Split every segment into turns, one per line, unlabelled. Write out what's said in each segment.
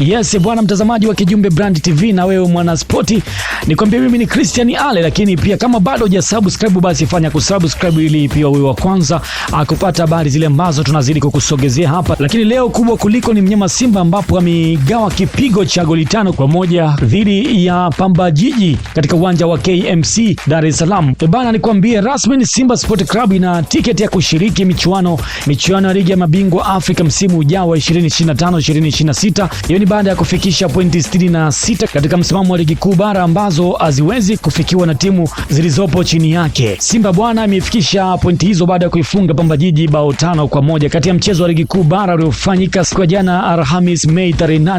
Yes e bwana mtazamaji wa Kijumbe Brand TV na wewe mwana spoti, nikwambie mimi ni Christian Ale, lakini pia kama bado hujasubscribe basi fanya kusubscribe ili pia wewe wa kwanza akupata ah, habari zile ambazo tunazidi kukusogezea hapa. Lakini leo kubwa kuliko ni mnyama Simba ambapo amegawa kipigo cha goli tano kwa moja dhidi ya Pamba Jiji katika uwanja wa KMC Dar es Salaam. E Bana, nikwambie rasmi ni Simba Sport Club ina tiketi ya kushiriki michuano michuano ya ligi ya mabingwa Afrika msimu ujao wa 2025 2026. Hiyo ni baada ya kufikisha pointi 66 katika msimamo wa ligi kuu bara ambazo haziwezi kufikiwa na timu zilizopo chini yake. Simba bwana imefikisha pointi hizo baada ya kuifunga Pamba Jiji bao tano kwa moja kati ya mchezo wa ligi kuu bara uliofanyika siku ya jana Alhamis Mei tarehe 8,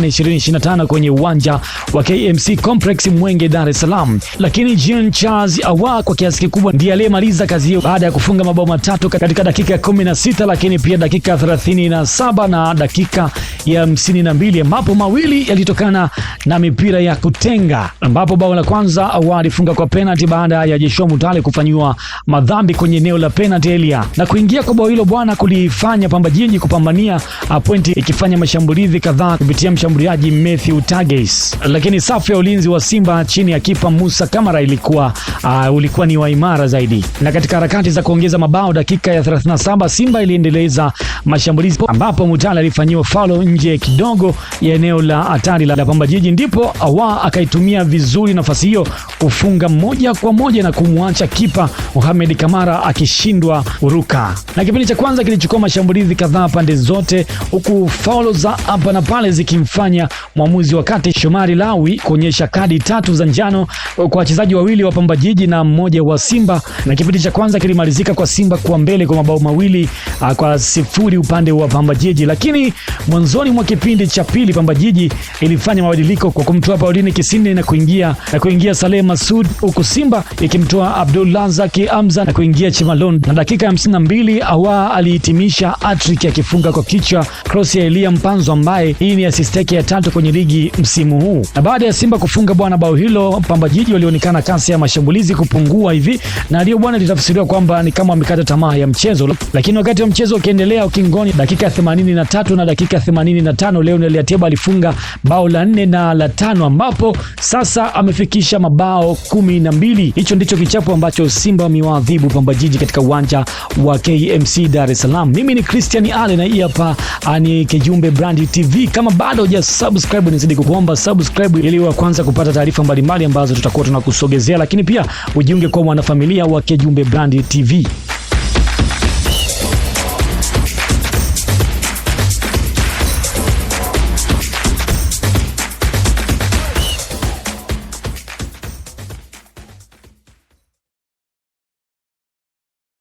2025 kwenye uwanja wa KMC Complex Mwenge, Dar es Salaam. Lakini Jean Charles awa kwa kiasi kikubwa ndiye aliyemaliza kazi hiyo baada ya kufunga mabao matatu katika dakika ya 16, lakini pia dakika 37 na dakika ya 52 ambapo mawili yalitokana na mipira ya kutenga, ambapo bao la kwanza walifunga kwa penalti baada ya Joshua Mutale kufanyiwa madhambi kwenye eneo la penalti area, na kuingia kwa bao hilo bwana kulifanya Pamba Jiji kupambania ah, pointi, ikifanya mashambulizi kadhaa kupitia mshambuliaji Matthew Tages, lakini safu ya ulinzi wa Simba chini ya kipa Musa Kamara ilikuwa uh, ulikuwa ni wa imara zaidi, na katika harakati za kuongeza mabao dakika ya 37 Simba iliendeleza mashambulizi ambapo Mutale alifanyiwa faulo nje kidogo ya eneo eneo la hatari la Pamba Jiji, ndipo Awa akaitumia vizuri nafasi hiyo kufunga moja kwa moja na kumwacha kipa Mohamed Kamara akishindwa uruka. Na kipindi cha kwanza kilichukua mashambulizi kadhaa pande zote, huku faulo za hapa na pale zikimfanya mwamuzi wa kati Shomari Lawi kuonyesha kadi tatu za njano kwa wachezaji wawili wa Pamba Jiji na mmoja wa Simba. Na kipindi cha kwanza kilimalizika kwa Simba kwa mbele kwa mabao mawili ah, kwa sifuri upande wa Pamba Jiji, lakini mwanzoni mwa kipindi cha pili Pamba jiji ilifanya mabadiliko kwa kumtoa Paulini Kisinde na kuingia, na kuingia Saleh Masud, huku Simba ikimtoa Abdul Lazaki Amza na kuingia Chimalon, na dakika ya 52 awa alihitimisha hattrick akifunga kwa kichwa cross ya Elia Mpanzo ambaye hii ni assist yake ya tatu kwenye ligi msimu huu. Na baada ya Simba kufunga bwana bao hilo, Pamba Jiji walionekana kasi ya mashambulizi kupungua hivi na ndio bwana litafsiriwa kwamba ni kama wamekata tamaa ya mchezo, lakini wakati wa mchezo ukiendelea ukingoni, dakika ya 83 na dakika ya 85 Leonel aliatiba alifunga alifunga bao la nne na la tano ambapo sasa amefikisha mabao kumi na mbili. Hicho ndicho kichapo ambacho Simba wamewaadhibu Pamba Jiji katika uwanja wa KMC Dar es Salaam. Mimi ni Christian Ale na hii hapa ni Kijumbe brandi TV. Kama bado huja subscribe, nizidi kukuomba subscribe ili wa kwanza kupata taarifa mbalimbali ambazo tutakuwa tunakusogezea, lakini pia ujiunge kwa mwanafamilia wa Kijumbe brandi TV.